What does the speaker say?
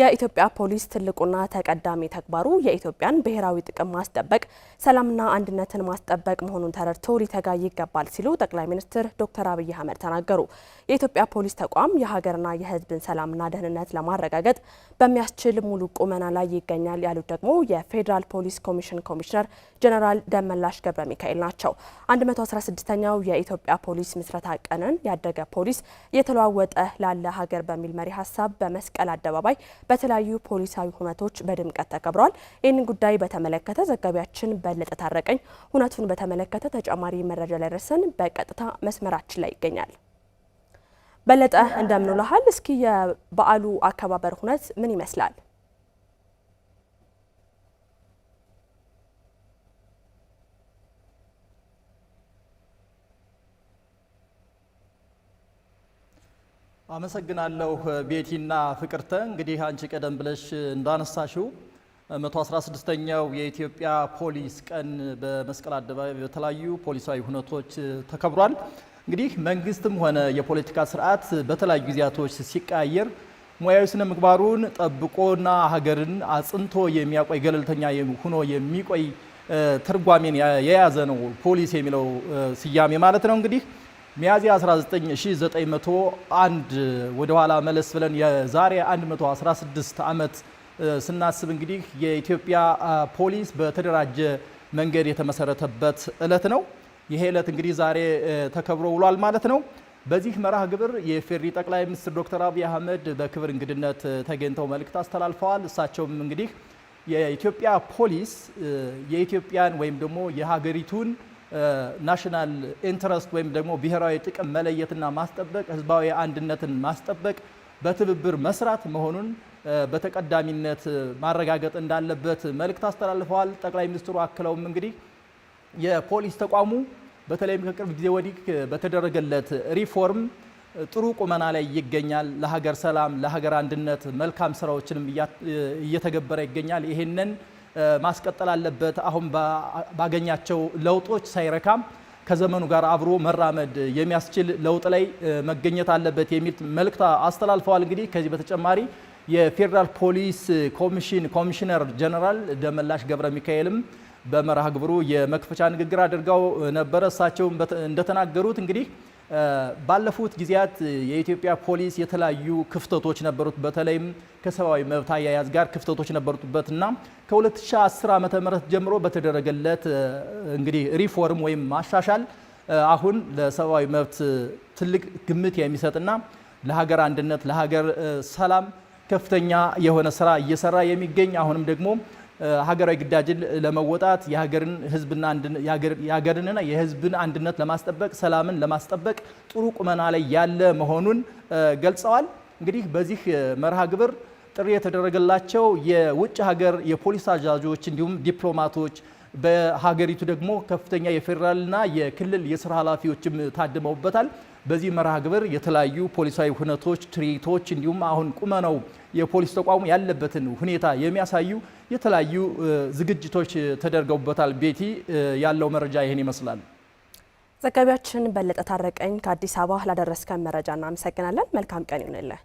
የኢትዮጵያ ፖሊስ ትልቁና ተቀዳሚ ተግባሩ የኢትዮጵያን ብሔራዊ ጥቅም ማስጠበቅ፣ ሰላምና አንድነትን ማስጠበቅ መሆኑን ተረድቶ ሊተጋ ይገባል ሲሉ ጠቅላይ ሚኒስትር ዶክተር አብይ አህመድ ተናገሩ። የኢትዮጵያ ፖሊስ ተቋም የሀገርና የሕዝብን ሰላምና ደህንነት ለማረጋገጥ በሚያስችል ሙሉ ቁመና ላይ ይገኛል ያሉት ደግሞ የፌዴራል ፖሊስ ኮሚሽን ኮሚሽነር ጀነራል ደመላሽ ገብረ ሚካኤል ናቸው። 116ኛው የኢትዮጵያ ፖሊስ ምስረታ ቀንን ያደገ ፖሊስ እየተለዋወጠ ላለ ሀገር በሚል መሪ ሀሳብ በመስቀል አደባባይ በተለያዩ ፖሊሳዊ ሁነቶች በድምቀት ተከብረዋል። ይህንን ጉዳይ በተመለከተ ዘጋቢያችን በለጠ ታረቀኝ ሁነቱን በተመለከተ ተጨማሪ መረጃ ላይ ደርሰን በቀጥታ መስመራችን ላይ ይገኛል። በለጠ እንደምንልሃል፣ እስኪ የበዓሉ አከባበር ሁነት ምን ይመስላል? አመሰግናለሁ ቤቲና ፍቅርተ። እንግዲህ አንቺ ቀደም ብለሽ እንዳነሳሽው 116ኛው የኢትዮጵያ ፖሊስ ቀን በመስቀል አደባባይ በተለያዩ ፖሊሳዊ ሁነቶች ተከብሯል። እንግዲህ መንግስትም ሆነ የፖለቲካ ስርዓት በተለያዩ ጊዜያቶች ሲቀያየር ሙያዊ ስነ ምግባሩን ጠብቆና ሀገርን አጽንቶ የሚያቆይ ገለልተኛ ሆኖ የሚቆይ ትርጓሜን የያዘ ነው ፖሊስ የሚለው ስያሜ ማለት ነው እንግዲህ ሚያዚያ 19 1901 ወደ ኋላ መለስ ብለን የዛሬ 116 ዓመት ስናስብ እንግዲህ የኢትዮጵያ ፖሊስ በተደራጀ መንገድ የተመሰረተበት እለት ነው። ይሄ እለት እንግዲህ ዛሬ ተከብሮ ውሏል ማለት ነው። በዚህ መርሃ ግብር የፌሪ ጠቅላይ ሚኒስትር ዶክተር አብይ አህመድ በክብር እንግድነት ተገኝተው መልእክት አስተላልፈዋል። እሳቸውም እንግዲህ የኢትዮጵያ ፖሊስ የኢትዮጵያን ወይም ደግሞ የሀገሪቱን ናሽናል ኢንትረስት ወይም ደግሞ ብሔራዊ ጥቅም መለየትና ማስጠበቅ፣ ህዝባዊ አንድነትን ማስጠበቅ፣ በትብብር መስራት መሆኑን በተቀዳሚነት ማረጋገጥ እንዳለበት መልእክት አስተላልፈዋል። ጠቅላይ ሚኒስትሩ አክለውም እንግዲህ የፖሊስ ተቋሙ በተለይም ከቅርብ ጊዜ ወዲህ በተደረገለት ሪፎርም ጥሩ ቁመና ላይ ይገኛል። ለሀገር ሰላም፣ ለሀገር አንድነት መልካም ስራዎችንም እየተገበረ ይገኛል። ይሄንን ማስቀጠል አለበት። አሁን ባገኛቸው ለውጦች ሳይረካም ከዘመኑ ጋር አብሮ መራመድ የሚያስችል ለውጥ ላይ መገኘት አለበት የሚል መልእክት አስተላልፈዋል። እንግዲህ ከዚህ በተጨማሪ የፌዴራል ፖሊስ ኮሚሽን ኮሚሽነር ጀነራል ደመላሽ ገብረ ሚካኤልም በመርሃ ግብሩ የመክፈቻ ንግግር አድርገው ነበረ። እሳቸውም እንደተናገሩት እንግዲህ ባለፉት ጊዜያት የኢትዮጵያ ፖሊስ የተለያዩ ክፍተቶች ነበሩት። በተለይም ከሰብአዊ መብት አያያዝ ጋር ክፍተቶች ነበሩበት እና ከ2010 ዓ ምህረት ጀምሮ በተደረገለት እንግዲህ ሪፎርም ወይም ማሻሻል አሁን ለሰብአዊ መብት ትልቅ ግምት የሚሰጥና ለሀገር አንድነት፣ ለሀገር ሰላም ከፍተኛ የሆነ ስራ እየሰራ የሚገኝ አሁንም ደግሞ ሀገራዊ ግዳጅን ለመወጣት የሀገርንና የህዝብን አንድነት ለማስጠበቅ ሰላምን ለማስጠበቅ ጥሩ ቁመና ላይ ያለ መሆኑን ገልጸዋል። እንግዲህ በዚህ መርሃ ግብር ጥሪ የተደረገላቸው የውጭ ሀገር የፖሊስ አዛዦች እንዲሁም ዲፕሎማቶች በሀገሪቱ ደግሞ ከፍተኛ የፌዴራልና የክልል የስራ ኃላፊዎችም ታድመውበታል። በዚህ መርሃ ግብር የተለያዩ ፖሊሳዊ ሁነቶች፣ ትርኢቶች እንዲሁም አሁን ቁመነው የፖሊስ ተቋሙ ያለበትን ሁኔታ የሚያሳዩ የተለያዩ ዝግጅቶች ተደርገውበታል። ቤቲ ያለው መረጃ ይህን ይመስላል። ዘጋቢያችን በለጠ ታረቀኝ ከአዲስ አበባ ላደረስከን መረጃ እናመሰግናለን። መልካም ቀን ይሁንልህ።